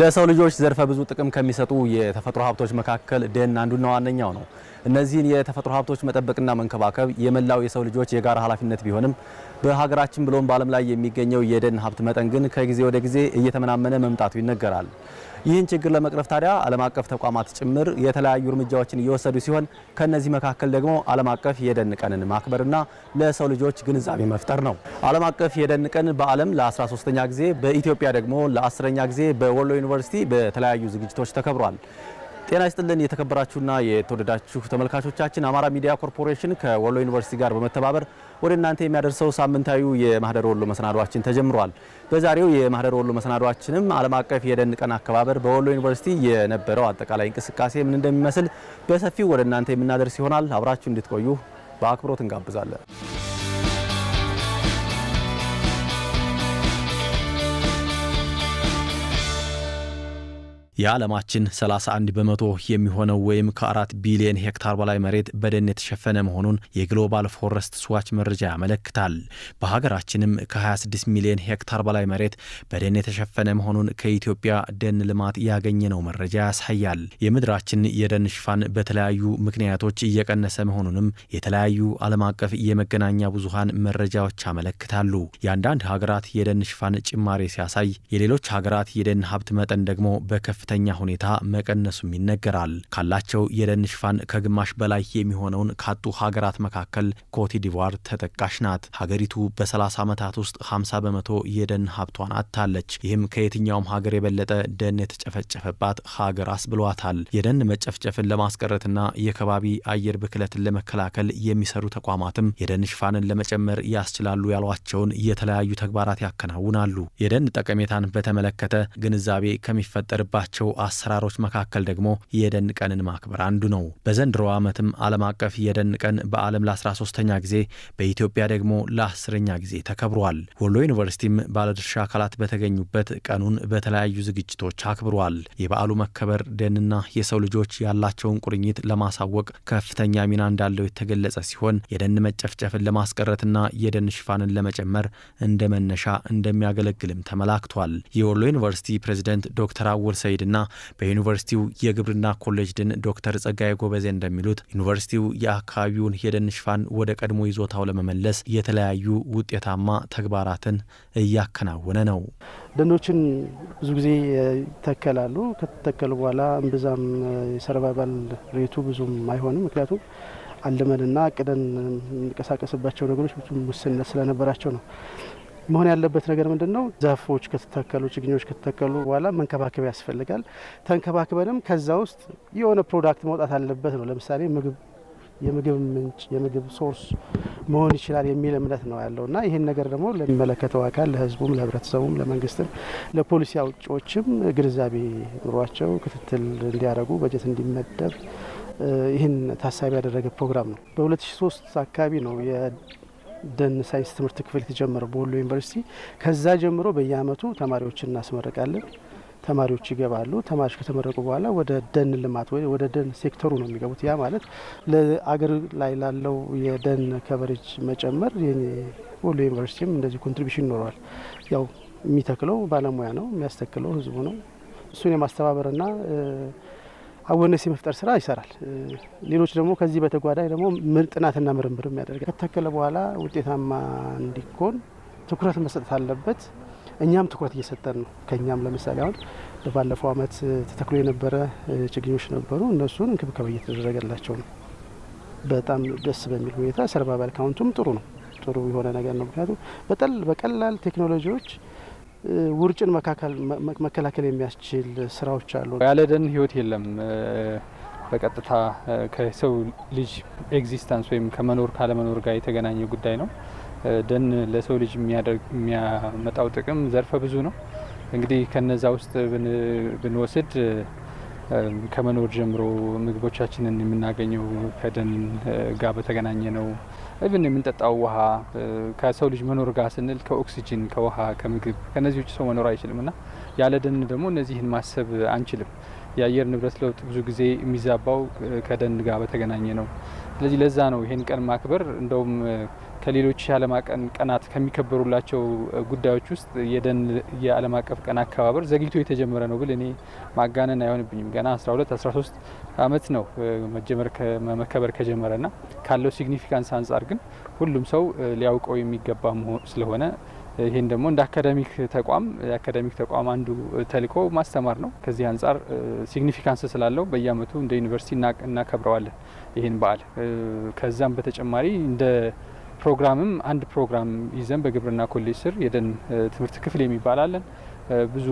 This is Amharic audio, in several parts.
ለሰው ልጆች ዘርፈ ብዙ ጥቅም ከሚሰጡ የተፈጥሮ ሀብቶች መካከል ደን አንዱና ዋነኛው ነው። እነዚህን የተፈጥሮ ሀብቶች መጠበቅና መንከባከብ የመላው የሰው ልጆች የጋራ ኃላፊነት ቢሆንም በሀገራችን ብሎም በዓለም ላይ የሚገኘው የደን ሀብት መጠን ግን ከጊዜ ወደ ጊዜ እየተመናመነ መምጣቱ ይነገራል። ይህን ችግር ለመቅረፍ ታዲያ ዓለም አቀፍ ተቋማት ጭምር የተለያዩ እርምጃዎችን እየወሰዱ ሲሆን ከነዚህ መካከል ደግሞ ዓለም አቀፍ የደን ቀንን ማክበርና ለሰው ልጆች ግንዛቤ መፍጠር ነው። ዓለም አቀፍ የደን ቀን በዓለም ለ13ኛ ጊዜ በኢትዮጵያ ደግሞ ለ ለ10ኛ ጊዜ በወሎ ዩኒቨርሲቲ በተለያዩ ዝግጅቶች ተከብሯል። ጤና ይስጥልን የተከበራችሁና የተወደዳችሁ ተመልካቾቻችን፣ አማራ ሚዲያ ኮርፖሬሽን ከወሎ ዩኒቨርሲቲ ጋር በመተባበር ወደ እናንተ የሚያደርሰው ሳምንታዊው የማህደር ወሎ መሰናዷችን ተጀምሯል። በዛሬው የማህደር ወሎ መሰናዷችንም ዓለም አቀፍ የደን ቀን አከባበር በወሎ ዩኒቨርሲቲ የነበረው አጠቃላይ እንቅስቃሴ ምን እንደሚመስል በሰፊው ወደ እናንተ የምናደርስ ይሆናል። አብራችሁ እንድትቆዩ በአክብሮት እንጋብዛለን። የዓለማችን 31 በመቶ የሚሆነው ወይም ከአራት ቢሊዮን ሄክታር በላይ መሬት በደን የተሸፈነ መሆኑን የግሎባል ፎረስት ስዋች መረጃ ያመለክታል። በሀገራችንም ከ26 ሚሊዮን ሄክታር በላይ መሬት በደን የተሸፈነ መሆኑን ከኢትዮጵያ ደን ልማት ያገኘነው መረጃ ያሳያል። የምድራችን የደን ሽፋን በተለያዩ ምክንያቶች እየቀነሰ መሆኑንም የተለያዩ ዓለም አቀፍ የመገናኛ ብዙሃን መረጃዎች ያመለክታሉ። የአንዳንድ ሀገራት የደን ሽፋን ጭማሬ ሲያሳይ፣ የሌሎች ሀገራት የደን ሀብት መጠን ደግሞ በከፍ በከፍተኛ ሁኔታ መቀነሱም ይነገራል። ካላቸው የደን ሽፋን ከግማሽ በላይ የሚሆነውን ካጡ ሀገራት መካከል ኮትዲቯር ተጠቃሽ ናት። ሀገሪቱ በ30 ዓመታት ውስጥ 50 በመቶ የደን ሀብቷን አጥታለች። ይህም ከየትኛውም ሀገር የበለጠ ደን የተጨፈጨፈባት ሀገር አስብሏታል። የደን መጨፍጨፍን ለማስቀረትና የከባቢ አየር ብክለትን ለመከላከል የሚሰሩ ተቋማትም የደን ሽፋንን ለመጨመር ያስችላሉ ያሏቸውን የተለያዩ ተግባራት ያከናውናሉ። የደን ጠቀሜታን በተመለከተ ግንዛቤ ከሚፈጠርባቸው ካሏቸው አሰራሮች መካከል ደግሞ የደን ቀንን ማክበር አንዱ ነው። በዘንድሮ ዓመትም ዓለም አቀፍ የደን ቀን በዓለም ለ13ተኛ ጊዜ በኢትዮጵያ ደግሞ ለአስረኛ ጊዜ ተከብሯል። ወሎ ዩኒቨርሲቲም ባለድርሻ አካላት በተገኙበት ቀኑን በተለያዩ ዝግጅቶች አክብሯል። የበዓሉ መከበር ደንና የሰው ልጆች ያላቸውን ቁርኝት ለማሳወቅ ከፍተኛ ሚና እንዳለው የተገለጸ ሲሆን የደን መጨፍጨፍን ለማስቀረትና የደን ሽፋንን ለመጨመር እንደ መነሻ እንደሚያገለግልም ተመላክቷል። የወሎ ዩኒቨርሲቲ ፕሬዚደንት ዶክተር አወል ሰይድ እንደሚችልና በዩኒቨርሲቲው የግብርና ኮሌጅ ድን ዶክተር ጸጋይ ጎበዜ እንደሚሉት ዩኒቨርሲቲው የአካባቢውን የደን ሽፋን ወደ ቀድሞ ይዞታው ለመመለስ የተለያዩ ውጤታማ ተግባራትን እያከናወነ ነው። ደኖችን ብዙ ጊዜ ይተከላሉ። ከተተከሉ በኋላ እምብዛም የሰርቫይቫል ሬቱ ብዙም አይሆንም። ምክንያቱም አልመንና ቅደን የሚንቀሳቀስባቸው ነገሮች ብዙም ውስንነት ስለነበራቸው ነው። መሆን ያለበት ነገር ምንድን ነው? ዛፎች ከተተከሉ ችግኞች ከተተከሉ በኋላ መንከባከብ ያስፈልጋል። ተንከባክበንም ከዛ ውስጥ የሆነ ፕሮዳክት መውጣት አለበት ነው። ለምሳሌ ምግብ የምግብ ምንጭ የምግብ ሶርስ መሆን ይችላል የሚል እምነት ነው ያለው እና ይህን ነገር ደግሞ ለሚመለከተው አካል ለህዝቡም ለህብረተሰቡም፣ ለመንግስትም፣ ለፖሊሲ አውጪዎችም ግንዛቤ ኑሯቸው ክትትል እንዲያደርጉ በጀት እንዲመደብ ይህን ታሳቢ ያደረገ ፕሮግራም ነው። በ2003 አካባቢ ነው ደን ሳይንስ ትምህርት ክፍል የተጀመረው በወሎ ዩኒቨርሲቲ። ከዛ ጀምሮ በየአመቱ ተማሪዎችን እናስመረቃለን። ተማሪዎች ይገባሉ። ተማሪዎች ከተመረቁ በኋላ ወደ ደን ልማት ወይ ወደ ደን ሴክተሩ ነው የሚገቡት። ያ ማለት ለአገር ላይ ላለው የደን ከቨሬጅ መጨመር ወሎ ዩኒቨርሲቲም እንደዚህ ኮንትሪቢሽን ይኖረዋል። ያው የሚተክለው ባለሙያ ነው፣ የሚያስተክለው ህዝቡ ነው። እሱን የማስተባበርና አወነስ የመፍጠር ስራ ይሰራል። ሌሎች ደግሞ ከዚህ በተጓዳኝ ደግሞ ጥናትና ምርምርም ያደርጋል። ከተከለ በኋላ ውጤታማ እንዲኮን ትኩረት መሰጠት አለበት። እኛም ትኩረት እየሰጠን ነው። ከኛም ለምሳሌ አሁን በባለፈው አመት ተተክሎ የነበረ ችግኞች ነበሩ። እነሱን እንክብካቤ እየተደረገላቸው ነው። በጣም ደስ በሚል ሁኔታ ሰርቫይቫል ካውንቱም ጥሩ ነው። ጥሩ የሆነ ነገር ነው። ምክንያቱም በቀላል ቴክኖሎጂዎች ውርጭን መከላከል የሚያስችል ስራዎች አሉ። ያለ ደን ህይወት የለም። በቀጥታ ከሰው ልጅ ኤግዚስተንስ ወይም ከመኖር ካለመኖር ጋር የተገናኘ ጉዳይ ነው። ደን ለሰው ልጅ የሚያመጣው ጥቅም ዘርፈ ብዙ ነው። እንግዲህ ከነዛ ውስጥ ብንወስድ ከመኖር ጀምሮ ምግቦቻችንን የምናገኘው ከደን ጋር በተገናኘ ነው። ኢቨን የምንጠጣው ውሃ ከሰው ልጅ መኖር ጋር ስንል ከኦክሲጅን፣ ከውሃ፣ ከምግብ ከነዚህ ውጭ ሰው መኖር አይችልም እና ያለ ደን ደግሞ እነዚህን ማሰብ አንችልም። የአየር ንብረት ለውጥ ብዙ ጊዜ የሚዛባው ከደን ጋር በተገናኘ ነው። ስለዚህ ለዛ ነው ይሄን ቀን ማክበር እንደውም ከሌሎች የዓለም አቀፍ ቀናት ከሚከበሩላቸው ጉዳዮች ውስጥ የደን የዓለም አቀፍ ቀን አከባበር ዘግይቶ የተጀመረ ነው ብል እኔ ማጋነን አይሆንብኝም። ገና 12 13 ዓመት ነው መጀመር መከበር ከጀመረና ካለው ሲግኒፊካንስ አንጻር ግን ሁሉም ሰው ሊያውቀው የሚገባ ስለሆነ ይህን ደግሞ እንደ አካዳሚክ ተቋም የአካዳሚክ ተቋም አንዱ ተልእኮ ማስተማር ነው። ከዚህ አንጻር ሲግኒፊካንስ ስላለው በየአመቱ እንደ ዩኒቨርሲቲ እናከብረዋለን ይህን በዓል። ከዛም በተጨማሪ እንደ ፕሮግራምም አንድ ፕሮግራም ይዘን በግብርና ኮሌጅ ስር የደን ትምህርት ክፍል የሚባል አለን። ብዙ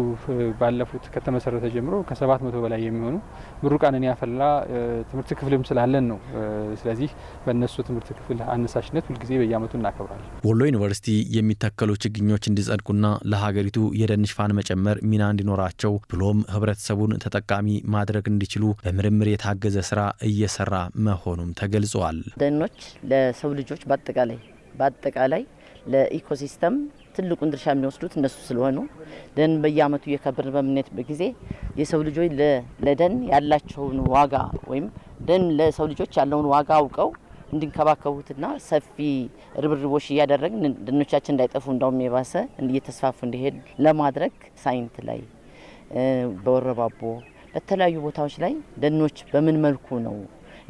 ባለፉት ከተመሰረተ ጀምሮ ከሰባት መቶ በላይ የሚሆኑ ምሩቃንን ያፈላ ትምህርት ክፍልም ስላለን ነው። ስለዚህ በእነሱ ትምህርት ክፍል አነሳሽነት ሁልጊዜ በየአመቱ እናከብራለን። ወሎ ዩኒቨርሲቲ የሚተከሉ ችግኞች እንዲጸድቁና ለሀገሪቱ የደን ሽፋን መጨመር ሚና እንዲኖራቸው ብሎም ህብረተሰቡን ተጠቃሚ ማድረግ እንዲችሉ በምርምር የታገዘ ስራ እየሰራ መሆኑም ተገልጿል። ደኖች ለሰው ልጆች በአጠቃላይ በአጠቃላይ ለኢኮሲስተም ትልቁን ድርሻ የሚወስዱት እነሱ ስለሆኑ ደን በየአመቱ እየከበርን በምንሄድበት ጊዜ የሰው ልጆች ለደን ያላቸውን ዋጋ ወይም ደን ለሰው ልጆች ያለውን ዋጋ አውቀው እንዲንከባከቡትና ሰፊ ርብርቦች እያደረግን ደኖቻችን እንዳይጠፉ እንዳውም የባሰ እየተስፋፉ እንዲሄድ ለማድረግ ሳይንት ላይ በወረባቦ በተለያዩ ቦታዎች ላይ ደኖች በምን መልኩ ነው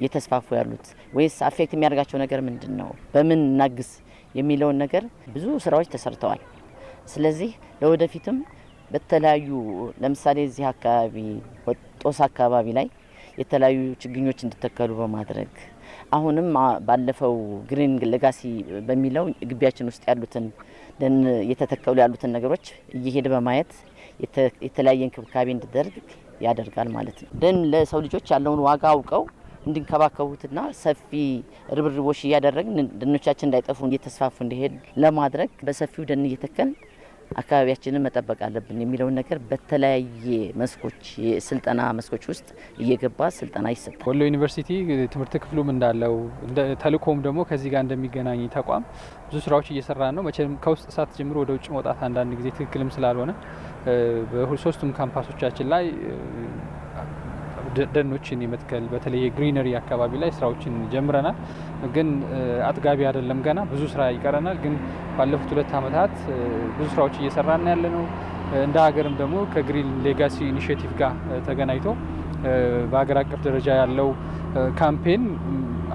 እየተስፋፉ ያሉት? ወይስ አፌክት የሚያደርጋቸው ነገር ምንድን ነው? በምን እናግስ? የሚለውን ነገር ብዙ ስራዎች ተሰርተዋል። ስለዚህ ለወደፊትም በተለያዩ ለምሳሌ እዚህ አካባቢ ጦስ አካባቢ ላይ የተለያዩ ችግኞች እንዲተከሉ በማድረግ አሁንም ባለፈው ግሪን ሌጋሲ በሚለው ግቢያችን ውስጥ ያሉትን ደን እየተተከሉ ያሉትን ነገሮች እየሄደ በማየት የተለያየ እንክብካቤ እንዲደረግ ያደርጋል ማለት ነው። ደን ለሰው ልጆች ያለውን ዋጋ አውቀው እንድንከባከቡትና ሰፊ ርብርቦች እያደረግን ደኖቻችን እንዳይጠፉ እየተስፋፉ እንዲሄድ ለማድረግ በሰፊው ደን እየተከል አካባቢያችንን መጠበቅ አለብን የሚለውን ነገር በተለያየ መስኮች የስልጠና መስኮች ውስጥ እየገባ ስልጠና ይሰጣል። ወሎ ዩኒቨርሲቲ ትምህርት ክፍሉም እንዳለው ተልእኮም ደግሞ ከዚህ ጋር እንደሚገናኝ ተቋም ብዙ ስራዎች እየሰራ ነው። መቼም ከውስጥ እሳት ጀምሮ ወደ ውጭ መውጣት አንዳንድ ጊዜ ትክክልም ስላልሆነ በሶስቱም ካምፓሶቻችን ላይ ደኖችን የመትከል በተለይ የግሪነሪ አካባቢ ላይ ስራዎችን ጀምረናል። ግን አጥጋቢ አይደለም፣ ገና ብዙ ስራ ይቀረናል። ግን ባለፉት ሁለት ዓመታት ብዙ ስራዎች እየሰራን ያለ ነው። እንደ ሀገርም ደግሞ ከግሪን ሌጋሲ ኢኒሽቲቭ ጋር ተገናኝቶ በሀገር አቀፍ ደረጃ ያለው ካምፔን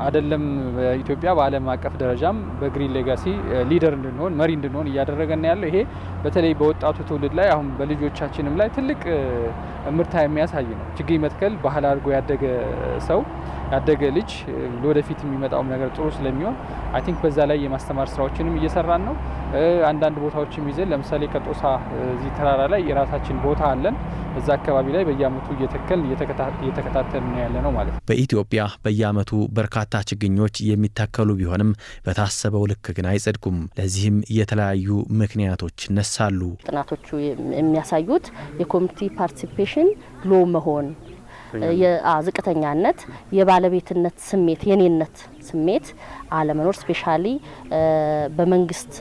አይደለም በኢትዮጵያ በዓለም አቀፍ ደረጃም በግሪን ሌጋሲ ሊደር እንድንሆን መሪ እንድንሆን እያደረገን ያለው ይሄ በተለይ በወጣቱ ትውልድ ላይ አሁን በልጆቻችንም ላይ ትልቅ እምርታ የሚያሳይ ነው። ችግኝ መትከል ባህል አድርጎ ያደገ ሰው ያደገ ልጅ ለወደፊት የሚመጣው ነገር ጥሩ ስለሚሆን አይ ቲንክ በዛ ላይ የማስተማር ስራዎችንም እየሰራን ነው። አንዳንድ ቦታዎችም ይዘን ለምሳሌ ከጦሳ እዚህ ተራራ ላይ የራሳችን ቦታ አለን። እዛ አካባቢ ላይ በየአመቱ እየተከል እየተከታተል ነው ያለ ነው ማለት ነው። በኢትዮጵያ በየአመቱ በርካታ ችግኞች የሚተከሉ ቢሆንም በታሰበው ልክ ግን አይጸድቁም። ለዚህም የተለያዩ ምክንያቶች ይነሳሉ። ጥናቶቹ የሚያሳዩት የኮሚኒቲ ፓርቲሲፔሽን ሎ መሆን ዝቅተኛነት፣ የባለቤትነት ስሜት፣ የኔነት ስሜት አለመኖር ስፔሻሊ በመንግስት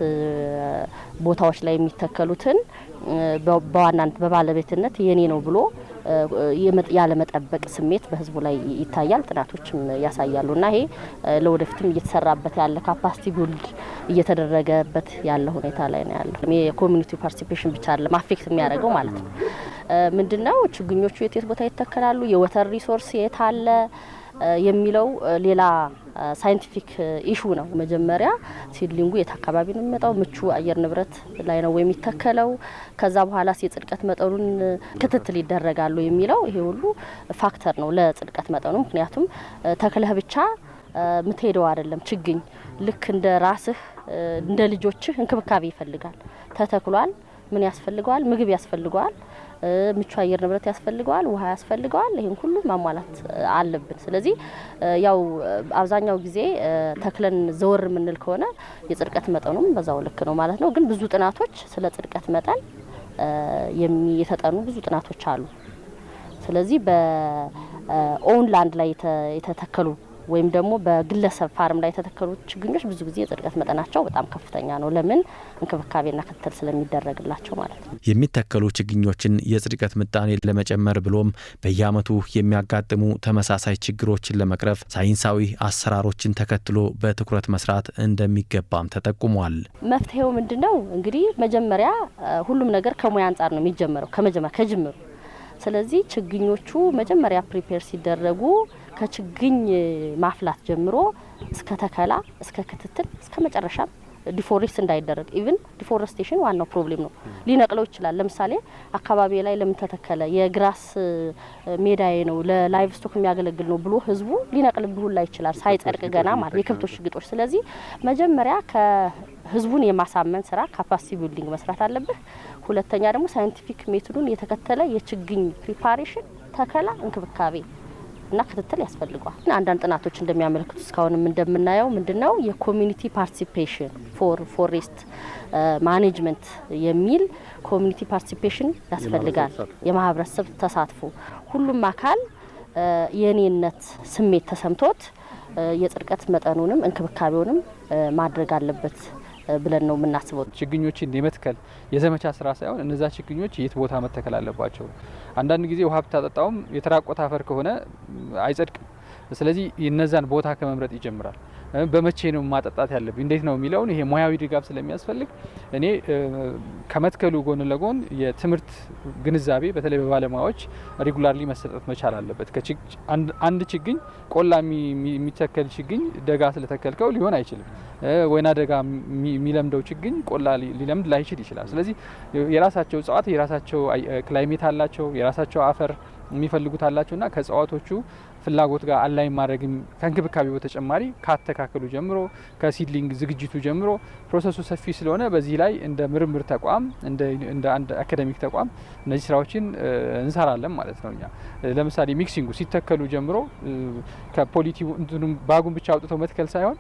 ቦታዎች ላይ የሚተከሉትን በዋናነት በባለቤትነት የኔ ነው ብሎ ያለመጠበቅ ስሜት በህዝቡ ላይ ይታያል፣ ጥናቶችም እና ይሄ ለወደፊትም እየተሰራበት ያለ ካፓሲቲ ጉልድ እየተደረገበት ያለ ሁኔታ ላይ ነው ያለው። የኮሚኒቲ ፓርቲሲፔሽን ብቻ አለ ማፌክት የሚያደርገው ማለት ነው። ምንድነው ችግኞቹ የት ቦታ ይተከላሉ፣ የወተር ሪሶርስ የት አለ የሚለው ሌላ ሳይንቲፊክ ኢሹ ነው። መጀመሪያ ሲድሊንጉ የት አካባቢ ነው የሚመጣው? ምቹ አየር ንብረት ላይ ነው የሚተከለው? ከዛ በኋላ የጽድቀት መጠኑን ክትትል ይደረጋሉ የሚለው ይሄ ሁሉ ፋክተር ነው ለጽድቀት መጠኑ። ምክንያቱም ተክለህ ብቻ ምትሄደው አይደለም ችግኝ። ልክ እንደ ራስህ እንደ ልጆችህ እንክብካቤ ይፈልጋል። ተተክሏል፣ ምን ያስፈልገዋል? ምግብ ያስፈልገዋል። ምቹ አየር ንብረት ያስፈልገዋል፣ ውሃ ያስፈልገዋል። ይህን ሁሉ ማሟላት አለብን። ስለዚህ ያው አብዛኛው ጊዜ ተክለን ዘወር የምንል ከሆነ የጽድቀት መጠኑም በዛው ልክ ነው ማለት ነው። ግን ብዙ ጥናቶች ስለ ጽድቀት መጠን የተጠኑ ብዙ ጥናቶች አሉ። ስለዚህ በኦንላንድ ላይ የተተከሉ ወይም ደግሞ በግለሰብ ፋርም ላይ የተተከሉ ችግኞች ብዙ ጊዜ የጽድቀት መጠናቸው በጣም ከፍተኛ ነው። ለምን እንክብካቤና ክትትል ስለሚደረግላቸው ማለት ነው። የሚተከሉ ችግኞችን የጽድቀት ምጣኔ ለመጨመር ብሎም በየአመቱ የሚያጋጥሙ ተመሳሳይ ችግሮችን ለመቅረፍ ሳይንሳዊ አሰራሮችን ተከትሎ በትኩረት መስራት እንደሚገባም ተጠቁሟል። መፍትሄው ምንድን ነው? እንግዲህ መጀመሪያ ሁሉም ነገር ከሙያ አንጻር ነው የሚጀመረው ከመጀመሪያ ከጅምሩ። ስለዚህ ችግኞቹ መጀመሪያ ፕሪፔር ሲደረጉ ከችግኝ ማፍላት ጀምሮ እስከ ተከላ፣ እስከ ክትትል፣ እስከ መጨረሻ ዲፎሬስት እንዳይደረግ ኢቭን ዲፎረስቴሽን ዋናው ፕሮብሌም ነው። ሊነቅለው ይችላል። ለምሳሌ አካባቢ ላይ ለምን ተተከለ የግራስ ሜዳዬ ነው ለላይቭ ስቶክ የሚያገለግል ነው ብሎ ህዝቡ ሊነቅልብህ ላይ ይችላል፣ ሳይጸድቅ ገና ማለት የከብቶች ሽግጦች። ስለዚህ መጀመሪያ ከህዝቡን የማሳመን ስራ ካፓሲቲ ቢልዲንግ መስራት አለብህ። ሁለተኛ ደግሞ ሳይንቲፊክ ሜቶዱን የተከተለ የችግኝ ፕሪፓሬሽን፣ ተከላ፣ እንክብካቤ እና ክትትል ያስፈልገዋል። አንዳንድ ጥናቶች እንደሚያመለክቱ እስካሁንም እንደምናየው ምንድነው የኮሚኒቲ ፓርቲሲፔሽን ፎር ፎሬስት ማኔጅመንት የሚል ኮሚኒቲ ፓርቲሲፔሽን ያስፈልጋል። የማህበረሰብ ተሳትፎ ሁሉም አካል የኔነት ስሜት ተሰምቶት የጽድቀት መጠኑንም እንክብካቤውንም ማድረግ አለበት። ብለን ነው የምናስበው። ችግኞችን የመትከል የዘመቻ ስራ ሳይሆን እነዛ ችግኞች የት ቦታ መተከል አለባቸው። አንዳንድ ጊዜ ውሃ ብታጠጣውም የተራቆተ አፈር ከሆነ አይጸድቅም። ስለዚህ እነዛን ቦታ ከመምረጥ ይጀምራል። በመቼ ነው ማጠጣት ያለብኝ እንዴት ነው የሚለውን ይሄ ሙያዊ ድጋፍ ስለሚያስፈልግ እኔ ከመትከሉ ጎን ለጎን የትምህርት ግንዛቤ በተለይ በባለሙያዎች ሬጉላርሊ መሰጠት መቻል አለበት። አንድ ችግኝ ቆላ የሚተከል ችግኝ ደጋ ስለተከልከው ሊሆን አይችልም። ወይና ደጋ የሚለምደው ችግኝ ቆላ ሊለምድ ላይችል ይችላል። ስለዚህ የራሳቸው እጽዋት የራሳቸው ክላይሜት አላቸው፣ የራሳቸው አፈር የሚፈልጉት አላቸው እና ከእጽዋቶቹ ፍላጎት ጋር አላይን ማድረግም ከእንክብካቤ በተጨማሪ ካተካከሉ ጀምሮ ከሲድሊንግ ዝግጅቱ ጀምሮ ፕሮሰሱ ሰፊ ስለሆነ በዚህ ላይ እንደ ምርምር ተቋም እንደ አንድ አካደሚክ ተቋም እነዚህ ስራዎችን እንሰራለን ማለት ነው። እኛ ለምሳሌ ሚክሲንጉ ሲተከሉ ጀምሮ ከፖሊቲ ባጉን ብቻ አውጥተው መትከል ሳይሆን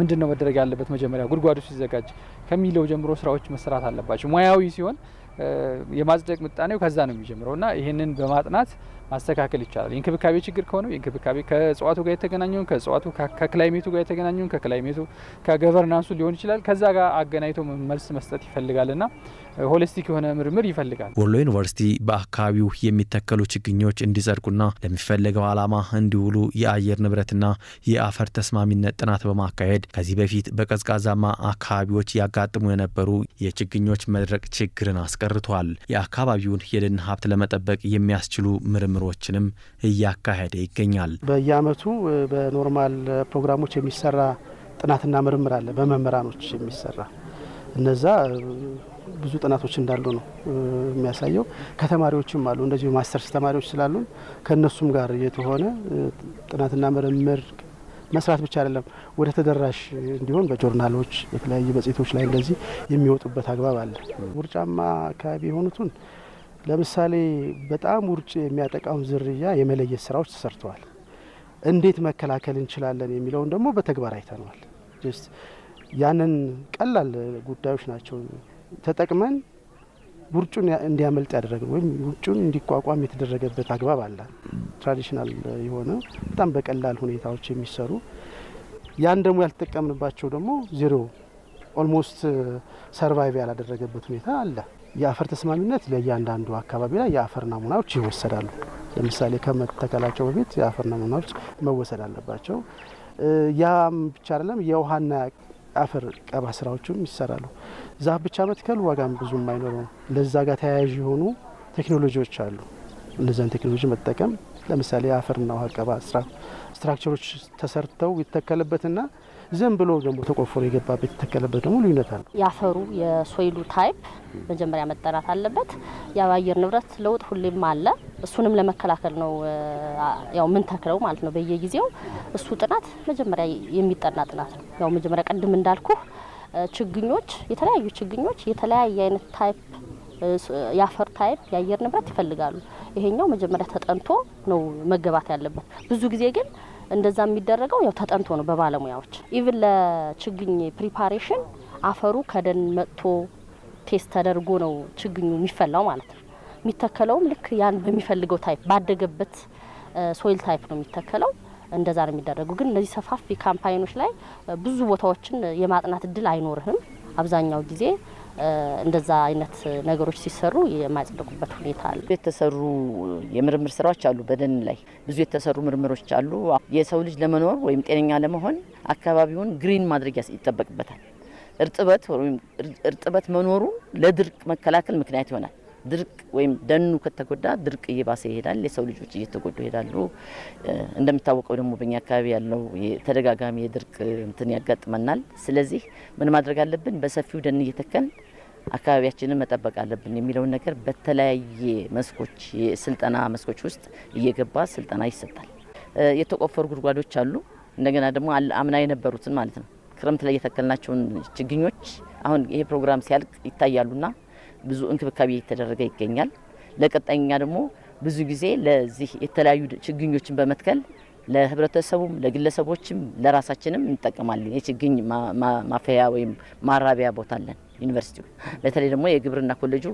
ምንድን ነው መደረግ ያለበት መጀመሪያ ጉድጓዱ ሲዘጋጅ ከሚለው ጀምሮ ስራዎች መሰራት አለባቸው። ሙያዊ ሲሆን የማጽደቅ ምጣኔው ከዛ ነው የሚጀምረው እና ይህንን በማጥናት ማስተካከል ይቻላል። የእንክብካቤ ችግር ከሆነው የእንክብካቤ ከእጽዋቱ ጋር የተገናኘውን ከእጽዋቱ ከክላይሜቱ ጋር የተገናኘውን ከክላይሜቱ ከገቨርናንሱ ሊሆን ይችላል። ከዛ ጋር አገናኝቶ መልስ መስጠት ይፈልጋልና ሆሊስቲክ የሆነ ምርምር ይፈልጋል። ወሎ ዩኒቨርሲቲ በአካባቢው የሚተከሉ ችግኞች እንዲጸድቁና ለሚፈለገው ዓላማ እንዲውሉ የአየር ንብረትና የአፈር ተስማሚነት ጥናት በማካሄድ ከዚህ በፊት በቀዝቃዛማ አካባቢዎች ያጋጥሙ የነበሩ የችግኞች መድረቅ ችግርን አስቀርቷል። የአካባቢውን የደን ሀብት ለመጠበቅ የሚያስችሉ ምርምር ምርምሮችንም እያካሄደ ይገኛል። በየአመቱ በኖርማል ፕሮግራሞች የሚሰራ ጥናትና ምርምር አለ። በመምህራኖች የሚሰራ እነዛ ብዙ ጥናቶች እንዳሉ ነው የሚያሳየው። ከተማሪዎችም አሉ እንደዚሁ ማስተርስ ተማሪዎች ስላሉን ከእነሱም ጋር የተሆነ ጥናትና ምርምር መስራት ብቻ አይደለም፣ ወደ ተደራሽ እንዲሆን በጆርናሎች የተለያዩ መጽሔቶች ላይ እንደዚህ የሚወጡበት አግባብ አለ። ውርጫማ አካባቢ የሆኑትን ለምሳሌ በጣም ውርጭ የሚያጠቃውን ዝርያ የመለየት ስራዎች ተሰርተዋል። እንዴት መከላከል እንችላለን የሚለውን ደግሞ በተግባር አይተነዋል። ያንን ቀላል ጉዳዮች ናቸው ተጠቅመን ውርጩን እንዲያመልጥ ያደረግነው ወይም ውርጩን እንዲቋቋም የተደረገበት አግባብ አለ። ትራዲሽናል የሆነ በጣም በቀላል ሁኔታዎች የሚሰሩ ያን ደግሞ ያልተጠቀምንባቸው ደግሞ ዜሮ ኦልሞስት ሰርቫይቭ ያላደረገበት ሁኔታ አለ። የአፈር ተስማሚነት ለእያንዳንዱ አካባቢ ላይ የአፈር ናሙናዎች ይወሰዳሉ። ለምሳሌ ከመተከላቸው በፊት የአፈር ናሙናዎች መወሰድ አለባቸው። ያም ብቻ አይደለም፣ የውሃና አፈር ቀባ ስራዎችም ይሰራሉ። ዛፍ ብቻ መትከል ዋጋም ብዙ የማይኖረው ለዛ ጋር ተያያዥ የሆኑ ቴክኖሎጂዎች አሉ። እነዚን ቴክኖሎጂ መጠቀም ለምሳሌ የአፈርና ውሃ ቀባ ስትራክቸሮች ተሰርተው ይተከልበትና ዘን ብሎ ደግሞ ተቆፍሮ የገባበት የተከለበት ደግሞ ልዩነት አለ። የአፈሩ የሶይሉ ታይፕ መጀመሪያ መጠናት አለበት። የአየር ንብረት ለውጥ ሁሌም አለ። እሱንም ለመከላከል ነው ያው ምን ተክለው ማለት ነው በየጊዜው እሱ ጥናት መጀመሪያ የሚጠና ጥናት ነው። ያው መጀመሪያ ቀድም እንዳልኩ ችግኞች የተለያዩ ችግኞች የተለያየ አይነት ታይፕ የአፈር ታይፕ የአየር ንብረት ይፈልጋሉ። ይሄኛው መጀመሪያ ተጠንቶ ነው መገባት ያለበት። ብዙ ጊዜ ግን እንደዛ የሚደረገው ያው ተጠንቶ ነው በባለሙያዎች። ኢቭን ለችግኝ ፕሪፓሬሽን አፈሩ ከደን መጥቶ ቴስት ተደርጎ ነው ችግኙ የሚፈላው ማለት ነው። የሚተከለውም ልክ ያን በሚፈልገው ታይፕ ባደገበት ሶይል ታይፕ ነው የሚተከለው። እንደዛ ነው የሚደረገው። ግን እነዚህ ሰፋፊ ካምፓይኖች ላይ ብዙ ቦታዎችን የማጥናት እድል አይኖርህም አብዛኛው ጊዜ እንደዛ አይነት ነገሮች ሲሰሩ የማያጸድቁበት ሁኔታ አለ። የተሰሩ የምርምር ስራዎች አሉ። በደን ላይ ብዙ የተሰሩ ምርምሮች አሉ። የሰው ልጅ ለመኖር ወይም ጤነኛ ለመሆን አካባቢውን ግሪን ማድረግ ይጠበቅበታል። እርጥበት ወይም እርጥበት መኖሩ ለድርቅ መከላከል ምክንያት ይሆናል። ድርቅ ወይም ደኑ ከተጎዳ ድርቅ እየባሰ ይሄዳል። የሰው ልጆች እየተጎዱ ይሄዳሉ። እንደሚታወቀው ደግሞ በእኛ አካባቢ ያለው ተደጋጋሚ የድርቅ እንትን ያጋጥመናል። ስለዚህ ምን ማድረግ አለብን? በሰፊው ደን እየተከል አካባቢያችንን መጠበቅ አለብን የሚለውን ነገር በተለያየ መስኮች የስልጠና መስኮች ውስጥ እየገባ ስልጠና ይሰጣል። የተቆፈሩ ጉድጓዶች አሉ። እንደገና ደግሞ አምና የነበሩትን ማለት ነው ክረምት ላይ የተከልናቸውን ችግኞች አሁን ይሄ ፕሮግራም ሲያልቅ ይታያሉና ብዙ እንክብካቤ እየተደረገ ይገኛል። ለቀጣይኛ ደግሞ ብዙ ጊዜ ለዚህ የተለያዩ ችግኞችን በመትከል ለህብረተሰቡም ለግለሰቦችም ለራሳችንም እንጠቀማለን። የችግኝ ማፈያ ወይም ማራቢያ ቦታ አለን ዩኒቨርሲቲው። በተለይ ደግሞ የግብርና ኮሌጁ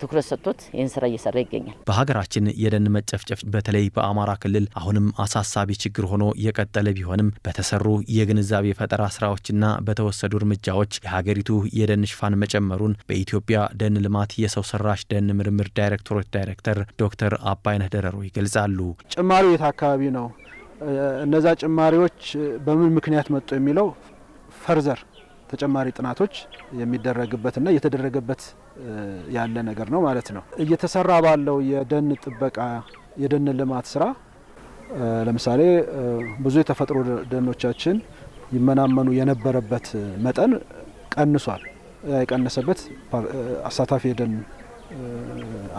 ትኩረት ሰጥቶት ይህን ስራ እየሰራ ይገኛል። በሀገራችን የደን መጨፍጨፍ በተለይ በአማራ ክልል አሁንም አሳሳቢ ችግር ሆኖ የቀጠለ ቢሆንም በተሰሩ የግንዛቤ ፈጠራ ስራዎችና በተወሰዱ እርምጃዎች የሀገሪቱ የደን ሽፋን መጨመሩን በኢትዮጵያ ደን ልማት የሰው ሰራሽ ደን ምርምር ዳይሬክቶሬት ዳይሬክተር ዶክተር አባይነህ ደረሮ ይገልጻሉ። ጭማሪው የት አካባቢ ነው? እነዛ ጭማሪዎች በምን ምክንያት መጡ የሚለው ፈርዘር ተጨማሪ ጥናቶች የሚደረግበትና እየተደረገበት ያለ ነገር ነው ማለት ነው። እየተሰራ ባለው የደን ጥበቃ የደን ልማት ስራ ለምሳሌ ብዙ የተፈጥሮ ደኖቻችን ይመናመኑ የነበረበት መጠን ቀንሷል። የቀነሰበት አሳታፊ የደን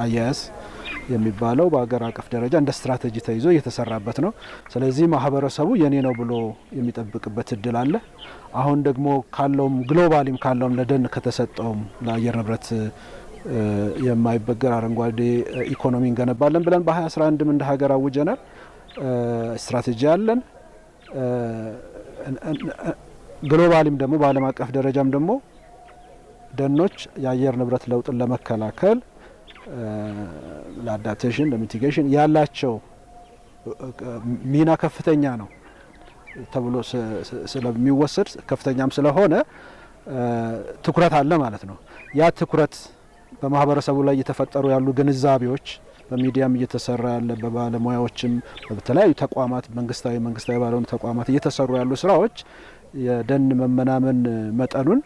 አያያዝ የሚባለው በሀገር አቀፍ ደረጃ እንደ ስትራቴጂ ተይዞ እየተሰራበት ነው። ስለዚህ ማህበረሰቡ የኔ ነው ብሎ የሚጠብቅበት እድል አለ። አሁን ደግሞ ካለውም ግሎባሊም ካለውም ለደን ከተሰጠውም ለአየር ንብረት የማይበገር አረንጓዴ ኢኮኖሚ እንገነባለን ብለን በ2011 እንደ ሀገር አውጀናል። ስትራቴጂ አለን። ግሎባሊም ደግሞ በዓለም አቀፍ ደረጃም ደግሞ ደኖች የአየር ንብረት ለውጥን ለመከላከል ለአዳፕቴሽን ለሚቲጌሽን ያላቸው ሚና ከፍተኛ ነው ተብሎ ስለሚወሰድ ከፍተኛም ስለሆነ ትኩረት አለ ማለት ነው። ያ ትኩረት በማህበረሰቡ ላይ እየተፈጠሩ ያሉ ግንዛቤዎች በሚዲያም እየተሰራ ያለ በባለሙያዎችም በተለያዩ ተቋማት መንግስታዊ፣ መንግስታዊ ባልሆኑ ተቋማት እየተሰሩ ያሉ ስራዎች የደን መመናመን መጠኑን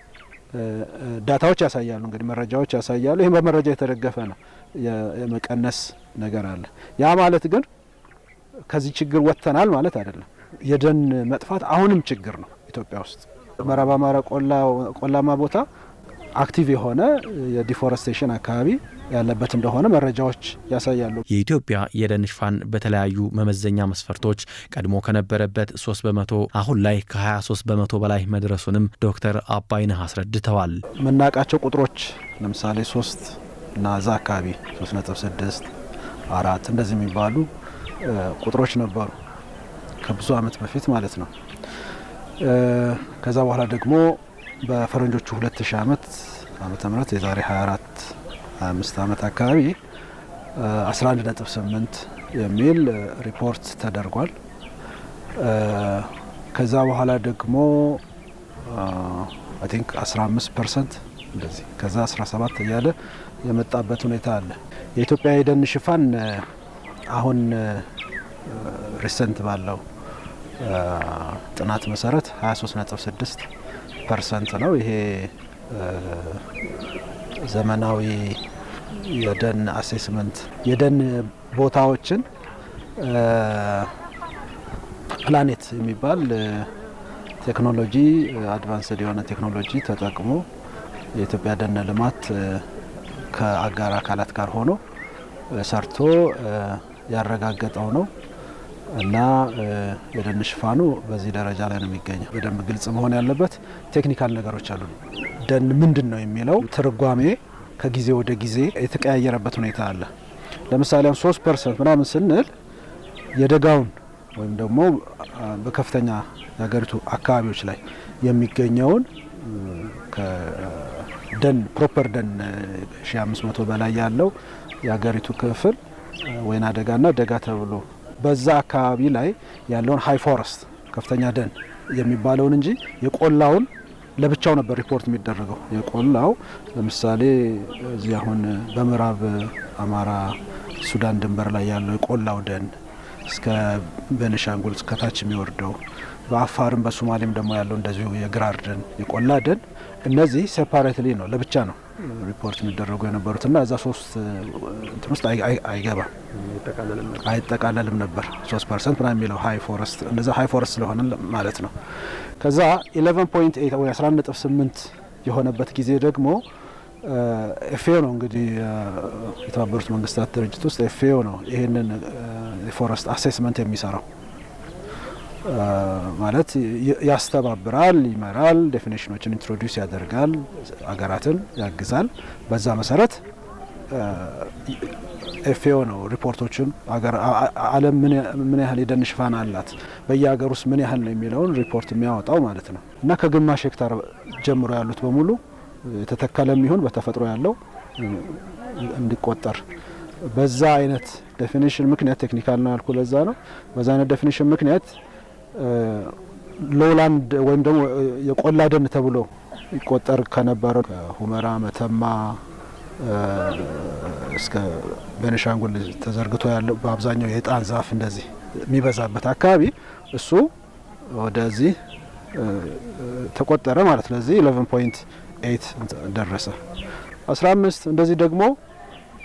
ዳታዎች ያሳያሉ፣ እንግዲህ መረጃዎች ያሳያሉ። ይህም በመረጃ የተደገፈ ነው። የመቀነስ ነገር አለ። ያ ማለት ግን ከዚህ ችግር ወጥተናል ማለት አይደለም። የደን መጥፋት አሁንም ችግር ነው ኢትዮጵያ ውስጥ። መረባ አማራ ቆላማ ቦታ አክቲቭ የሆነ የዲፎረስቴሽን አካባቢ ያለበት እንደሆነ መረጃዎች ያሳያሉ። የኢትዮጵያ የደን ሽፋን በተለያዩ መመዘኛ መስፈርቶች ቀድሞ ከነበረበት 3 በመቶ አሁን ላይ ከ23 በመቶ በላይ መድረሱንም ዶክተር አባይነህ አስረድተዋል። የምናውቃቸው ቁጥሮች ለምሳሌ 3 እና እዛ አካባቢ 3.6 አራት እንደዚህ የሚባሉ ቁጥሮች ነበሩ ከብዙ ዓመት በፊት ማለት ነው። ከዛ በኋላ ደግሞ በፈረንጆቹ 2000 ዓመት ዓመተ ምህረት የዛሬ 24 25 ዓመት አካባቢ 11.8 የሚል ሪፖርት ተደርጓል። ከዛ በኋላ ደግሞ አይ ቲንክ 15 ፐርሰንት እንደዚህ ከዛ 17 እያለ የመጣበት ሁኔታ አለ። የኢትዮጵያ የደን ሽፋን አሁን ሪሰንት ባለው ጥናት መሰረት 23 23.6 ፐርሰንት ነው። ይሄ ዘመናዊ የደን አሴስመንት የደን ቦታዎችን ፕላኔት የሚባል ቴክኖሎጂ አድቫንስድ የሆነ ቴክኖሎጂ ተጠቅሞ የኢትዮጵያ ደን ልማት ከአጋር አካላት ጋር ሆኖ ሰርቶ ያረጋገጠው ነው። እና የደን ሽፋኑ በዚህ ደረጃ ላይ ነው የሚገኘው። በደንብ ግልጽ መሆን ያለበት ቴክኒካል ነገሮች አሉ። ደን ምንድን ነው የሚለው ትርጓሜ ከጊዜ ወደ ጊዜ የተቀያየረበት ሁኔታ አለ። ለምሳሌ አሁን ሶስት ፐርሰንት ምናምን ስንል የደጋውን ወይም ደግሞ በከፍተኛ የሀገሪቱ አካባቢዎች ላይ የሚገኘውን ከደን ፕሮፐር ደን መቶ በላይ ያለው የሀገሪቱ ክፍል ወይና ደጋና ደጋ ተብሎ በዛ አካባቢ ላይ ያለውን ሀይ ፎረስት ከፍተኛ ደን የሚባለውን እንጂ የቆላውን ለብቻው ነበር ሪፖርት የሚደረገው። የቆላው ለምሳሌ እዚህ አሁን በምዕራብ አማራ ሱዳን ድንበር ላይ ያለው የቆላው ደን እስከ ቤኒሻንጉል እስከታች የሚወርደው በአፋርም በሶማሌም ደግሞ ያለው እንደዚሁ የግራር ደን የቆላ ደን እነዚህ ሴፓሬትሊ ነው ለብቻ ነው ሪፖርት የሚደረጉ የነበሩት እና እዛ ሶስት እንትን ውስጥ አይገባም አይጠቃለልም ነበር ሶስት ፐርሰንት ምናምን የሚለው ሀይ ፎረስት እነዚ ሀይ ፎረስት ስለሆነ ማለት ነው። ከዛ ኢሌቨን ፖይንት ኤይት ወይ አስራ ነጥብ ስምንት የሆነበት ጊዜ ደግሞ ኤፍኤኦ ነው እንግዲህ የተባበሩት መንግስታት ድርጅት ውስጥ ኤፍኤኦ ነው ይህንን የፎረስት አሴስመንት የሚሰራው ማለት ያስተባብራል፣ ይመራል፣ ዴፊኔሽኖችን ኢንትሮዲውስ ያደርጋል፣ አገራትን ያግዛል። በዛ መሰረት ኤፍኤኦ ነው ሪፖርቶችን ዓለም ምን ያህል የደን ሽፋን አላት በየሀገር ውስጥ ምን ያህል ነው የሚለውን ሪፖርት የሚያወጣው ማለት ነው። እና ከግማሽ ሄክታር ጀምሮ ያሉት በሙሉ የተተከለም ይሁን በተፈጥሮ ያለው እንዲቆጠር በዛ አይነት ዴፊኒሽን ምክንያት ቴክኒካል ነው ያልኩ ለዛ ነው። በዛ አይነት ዴፊኒሽን ምክንያት ሎላንድ ወይም ደግሞ የቆላ ደን ተብሎ ይቆጠር ከነበረ ሁመራ፣ መተማ እስከ ቤኒሻንጉል ተዘርግቶ ያለው በአብዛኛው የእጣን ዛፍ እንደዚህ የሚበዛበት አካባቢ እሱ ወደዚህ ተቆጠረ ማለት ለዚህ ኤት ደረሰ። 15 እንደዚህ ደግሞ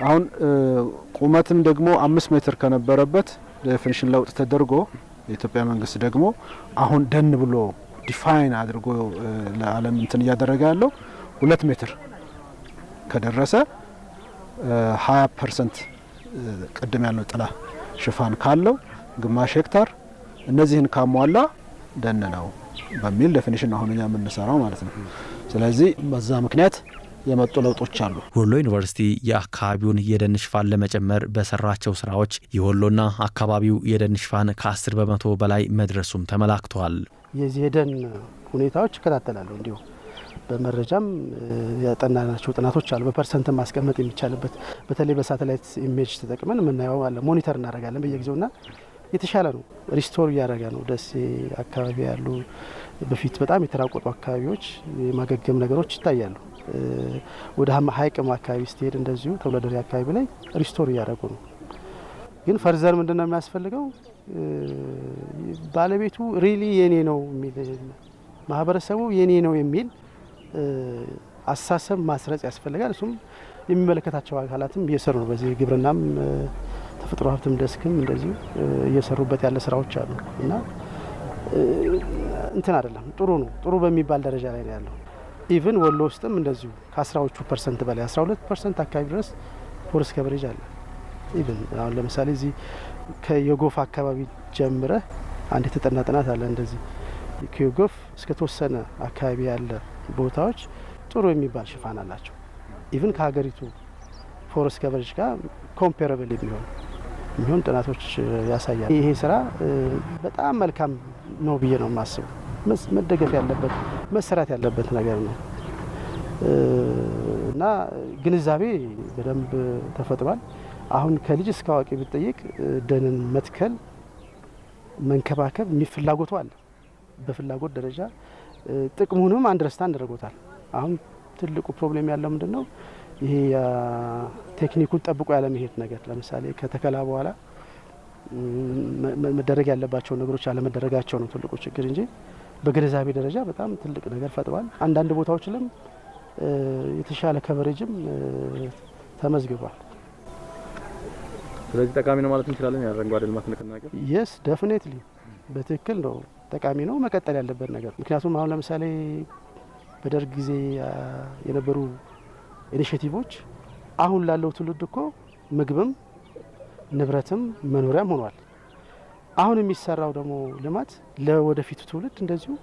አሁን ቁመትም ደግሞ አምስት ሜትር ከነበረበት ዴፊኒሽን ለውጥ ተደርጎ የኢትዮጵያ መንግስት ደግሞ አሁን ደን ብሎ ዲፋይን አድርጎ ለዓለም እንትን እያደረገ ያለው ሁለት ሜትር ከደረሰ 20 ፐርሰንት ቅድም ያለው ጥላ ሽፋን ካለው ግማሽ ሄክታር እነዚህን ካሟላ ደን ነው በሚል ዴፊኒሽን አሁን እኛ የምንሰራው ማለት ነው። ስለዚህ በዛ ምክንያት የመጡ ለውጦች አሉ። ወሎ ዩኒቨርሲቲ የአካባቢውን የደን ሽፋን ለመጨመር በሰራቸው ስራዎች የወሎና አካባቢው የደን ሽፋን ከ10 በመቶ በላይ መድረሱም ተመላክቷል። የዚህ የደን ሁኔታዎች እከታተላለሁ። እንዲሁ በመረጃም ያጠናናቸው ጥናቶች አሉ። በፐርሰንት ማስቀመጥ የሚቻልበት በተለይ በሳተላይት ኢሜጅ ተጠቅመን የምናየው አለ። ሞኒተር እናደርጋለን ና የተሻለ ነው። ሪስቶር እያደረገ ነው። ደሴ አካባቢ ያሉ በፊት በጣም የተራቆጡ አካባቢዎች የማገገም ነገሮች ይታያሉ። ወደ ሀይቅም አካባቢ ስትሄድ እንደዚሁ ተውለደሪ አካባቢ ላይ ሪስቶር እያደረጉ ነው። ግን ፈርዘር ምንድን ነው የሚያስፈልገው? ባለቤቱ ሪሊ የኔ ነው የሚል ማህበረሰቡ የኔ ነው የሚል አሳሰብ ማስረጽ ያስፈልጋል። እሱም የሚመለከታቸው አካላትም እየሰሩ ነው። በዚህ ግብርናም ተፈጥሮ ሀብትም ደስክም እንደዚሁ እየሰሩበት ያለ ስራዎች አሉ እና እንትን አይደለም ጥሩ ነው። ጥሩ በሚባል ደረጃ ላይ ነው ያለው። ኢቭን ወሎ ውስጥም እንደዚሁ ከአስራዎቹ ፐርሰንት በላይ 12 ፐርሰንት አካባቢ ድረስ ፎረስት ከቨሬጅ አለ። ኢቨን አሁን ለምሳሌ እዚህ ከየጎፍ አካባቢ ጀምረ አንድ የተጠና ጥናት አለ እንደዚህ ከየጎፍ እስከ ተወሰነ አካባቢ ያለ ቦታዎች ጥሩ የሚባል ሽፋን አላቸው። ኢቨን ከሀገሪቱ ፎረስ ከቨሬጅ ጋር ኮምፔረብል የሚሆን የሚሆን ጥናቶች ያሳያል። ይሄ ስራ በጣም መልካም ነው ብዬ ነው የማስበው። መደገፍ ያለበት መሰራት ያለበት ነገር ነው እና ግንዛቤ በደንብ ተፈጥሯል። አሁን ከልጅ እስከ አዋቂ ቢጠይቅ ደንን መትከል መንከባከብ የሚፍላጎቱ አለ። በፍላጎት ደረጃ ጥቅሙንም አንድረስታንድ አድርጎታል። አሁን ትልቁ ፕሮብሌም ያለው ምንድን ነው? ይሄ ቴክኒኩን ጠብቆ ያለመሄድ ነገር፣ ለምሳሌ ከተከላ በኋላ መደረግ ያለባቸው ነገሮች አለመደረጋቸው ነው ትልቁ ችግር እንጂ በግንዛቤ ደረጃ በጣም ትልቅ ነገር ፈጥሯል። አንዳንድ ቦታዎች ላይም የተሻለ ከቨሬጅም ተመዝግቧል። ስለዚህ ጠቃሚ ነው ማለት እንችላለን። የአረንጓዴ ልማት ንቅናቄ የስ ደፍኔትሊ በትክክል ነው፣ ጠቃሚ ነው፣ መቀጠል ያለበት ነገር። ምክንያቱም አሁን ለምሳሌ በደርግ ጊዜ የነበሩ ኢኒሽቲቮች አሁን ላለው ትውልድ እኮ ምግብም ንብረትም መኖሪያም ሆኗል። አሁን የሚሰራው ደግሞ ልማት ለወደፊቱ ትውልድ እንደዚሁ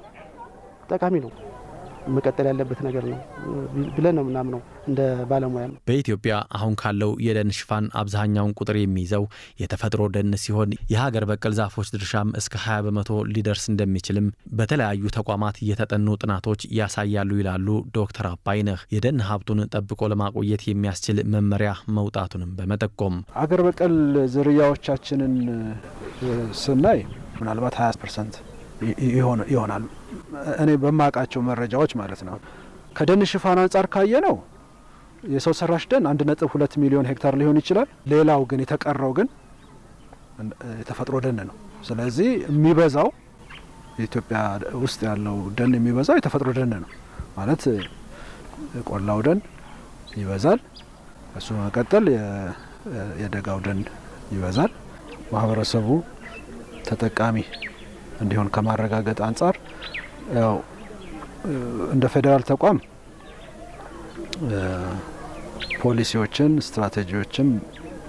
ጠቃሚ ነው። መቀጠል ያለበት ነገር ነው ብለን ነው ምናምነው እንደ ባለሙያ። በኢትዮጵያ አሁን ካለው የደን ሽፋን አብዛኛውን ቁጥር የሚይዘው የተፈጥሮ ደን ሲሆን የሀገር በቀል ዛፎች ድርሻም እስከ 20 በመቶ ሊደርስ እንደሚችልም በተለያዩ ተቋማት የተጠኑ ጥናቶች ያሳያሉ ይላሉ ዶክተር አባይነህ። የደን ሀብቱን ጠብቆ ለማቆየት የሚያስችል መመሪያ መውጣቱንም በመጠቆም አገር በቀል ዝርያዎቻችንን ስናይ ምናልባት 20 ፐርሰንት ይሆናል። እኔ በማውቃቸው መረጃዎች ማለት ነው። ከደን ሽፋን አንጻር ካየ ነው የሰው ሰራሽ ደን አንድ ነጥብ ሁለት ሚሊዮን ሄክታር ሊሆን ይችላል። ሌላው ግን የተቀረው ግን የተፈጥሮ ደን ነው። ስለዚህ የሚበዛው የኢትዮጵያ ውስጥ ያለው ደን የሚበዛው የተፈጥሮ ደን ነው ማለት ቆላው ደን ይበዛል። እሱ በመቀጠል የደጋው ደን ይበዛል። ማህበረሰቡ ተጠቃሚ እንዲሆን ከማረጋገጥ አንጻር ያው እንደ ፌዴራል ተቋም ፖሊሲዎችን፣ ስትራቴጂዎችን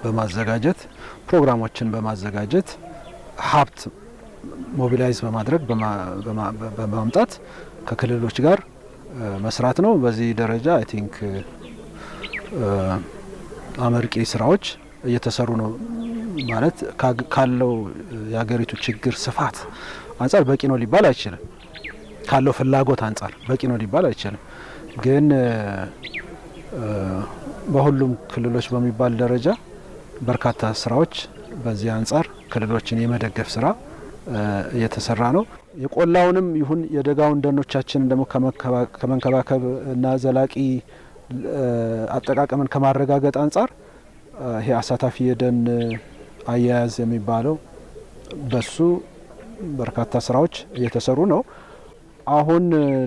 በማዘጋጀት ፕሮግራሞችን በማዘጋጀት ሀብት ሞቢላይዝ በማድረግ በማምጣት ከክልሎች ጋር መስራት ነው። በዚህ ደረጃ አይ ቲንክ አመርቂ ስራዎች እየተሰሩ ነው። ማለት ካለው የሀገሪቱ ችግር ስፋት አንጻር በቂ ነው ሊባል አይችልም። ካለው ፍላጎት አንጻር በቂ ነው ሊባል አይችልም። ግን በሁሉም ክልሎች በሚባል ደረጃ በርካታ ስራዎች በዚህ አንጻር ክልሎችን የመደገፍ ስራ እየተሰራ ነው። የቆላውንም ይሁን የደጋውን ደኖቻችንን ደግሞ ከመንከባከብ እና ዘላቂ አጠቃቀምን ከማረጋገጥ አንጻር ይሄ አሳታፊ የደን አያያዝ የሚባለው በሱ በርካታ ስራዎች እየተሰሩ ነው። አሁን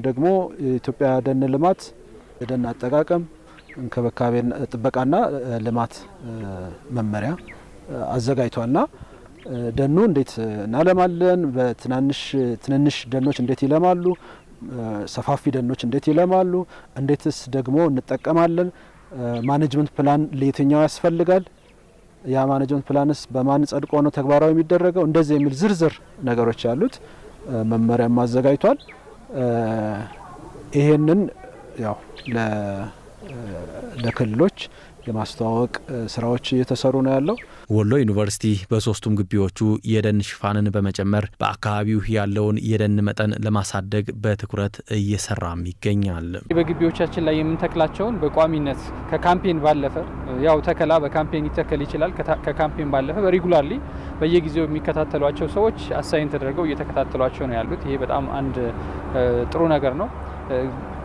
ደግሞ የኢትዮጵያ ደን ልማት የደን አጠቃቀም እንክብካቤ ጥበቃና ልማት መመሪያ አዘጋጅቷልና ደኑ እንዴት እናለማለን፣ በትናንሽ ትንንሽ ደኖች እንዴት ይለማሉ፣ ሰፋፊ ደኖች እንዴት ይለማሉ፣ እንዴትስ ደግሞ እንጠቀማለን፣ ማኔጅመንት ፕላን ለየትኛው ያስፈልጋል የማኔጅመንት ፕላንስ በማን ጸድቆ ነው ተግባራዊ የሚደረገው እንደዚህ የሚል ዝርዝር ነገሮች ያሉት መመሪያም አዘጋጅቷል። ይሄንን ያው ለክልሎች የማስተዋወቅ ስራዎች እየተሰሩ ነው ያለው። ወሎ ዩኒቨርሲቲ በሶስቱም ግቢዎቹ የደን ሽፋንን በመጨመር በአካባቢው ያለውን የደን መጠን ለማሳደግ በትኩረት እየሰራም ይገኛል። በግቢዎቻችን ላይ የምንተክላቸውን በቋሚነት ከካምፔን ባለፈ ያው ተከላ በካምፔን ሊተከል ይችላል። ከካምፔን ባለፈ በሬጉላርሊ በየጊዜው የሚከታተሏቸው ሰዎች አሳይን ተደርገው እየተከታተሏቸው ነው ያሉት። ይሄ በጣም አንድ ጥሩ ነገር ነው።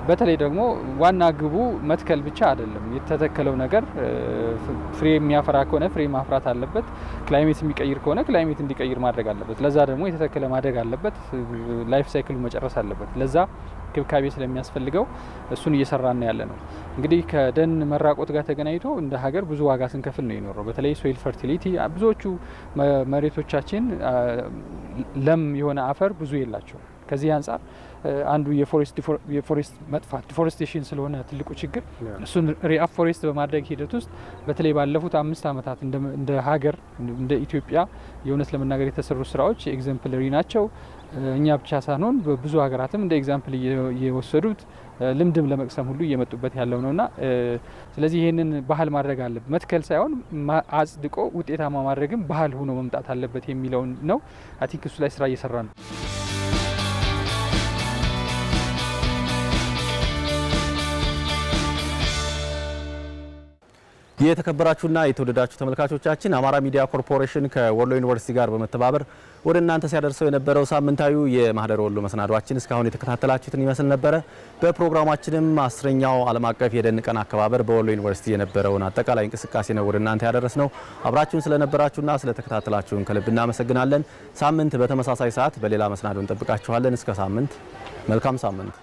በተለይ ደግሞ ዋና ግቡ መትከል ብቻ አይደለም። የተተከለው ነገር ፍሬ የሚያፈራ ከሆነ ፍሬ ማፍራት አለበት። ክላይሜት የሚቀይር ከሆነ ክላይሜት እንዲቀይር ማድረግ አለበት። ለዛ ደግሞ የተተከለ ማደግ አለበት። ላይፍ ሳይክሉ መጨረስ አለበት። ለዛ ክብካቤ ስለሚያስፈልገው እሱን እየሰራን ያለ ነው። እንግዲህ ከደን መራቆት ጋር ተገናኝቶ እንደ ሀገር ብዙ ዋጋ ስንከፍል ነው የኖረው። በተለይ ሶይል ፈርቲሊቲ ብዙዎቹ መሬቶቻችን ለም የሆነ አፈር ብዙ የላቸው። ከዚህ አንጻር አንዱ የፎሬስት መጥፋት ዲፎሬስቴሽን ስለሆነ ትልቁ ችግር እሱን ሪአፍ ፎሬስት በማድረግ ሂደት ውስጥ በተለይ ባለፉት አምስት ዓመታት እንደ ሀገር እንደ ኢትዮጵያ የእውነት ለመናገር የተሰሩ ስራዎች ኤግዛምፕልሪ ናቸው። እኛ ብቻ ሳንሆን በብዙ ሀገራትም እንደ ኤግዛምፕል እየወሰዱት ልምድም ለመቅሰም ሁሉ እየመጡበት ያለው ነውና ስለዚህ ይህንን ባህል ማድረግ አለብን። መትከል ሳይሆን አጽድቆ ውጤታማ ማድረግም ባህል ሆኖ መምጣት አለበት የሚለውን ነው። አይ ቲንክ እሱ ላይ ስራ እየሰራ ነው። የተከበራችሁና የተወደዳችሁ ተመልካቾቻችን አማራ ሚዲያ ኮርፖሬሽን ከወሎ ዩኒቨርሲቲ ጋር በመተባበር ወደ እናንተ ሲያደርሰው የነበረው ሳምንታዊ የማህደር ወሎ መሰናዷችን እስካሁን የተከታተላችሁትን ይመስል ነበረ። በፕሮግራማችንም አስረኛው ዓለም አቀፍ የደን ቀን አከባበር በወሎ ዩኒቨርሲቲ የነበረውን አጠቃላይ እንቅስቃሴ ነው ወደ እናንተ ያደረስ ነው። አብራችሁን ስለነበራችሁና ስለተከታተላችሁን ከልብ እናመሰግናለን። ሳምንት በተመሳሳይ ሰዓት በሌላ መሰናዶ እንጠብቃችኋለን። እስከ ሳምንት መልካም ሳምንት